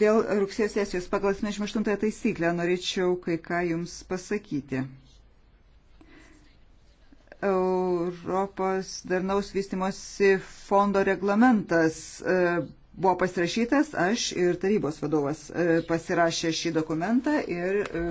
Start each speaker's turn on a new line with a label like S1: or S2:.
S1: Dėl rugsėjo sesijos pagal 78 taisyklę norėčiau kai ką Jums pasakyti. Europos darnaus vystimosi fondo reglamentas e, buvo pasirašytas, aš ir tarybos vadovas e, pasirašė šį dokumentą ir e,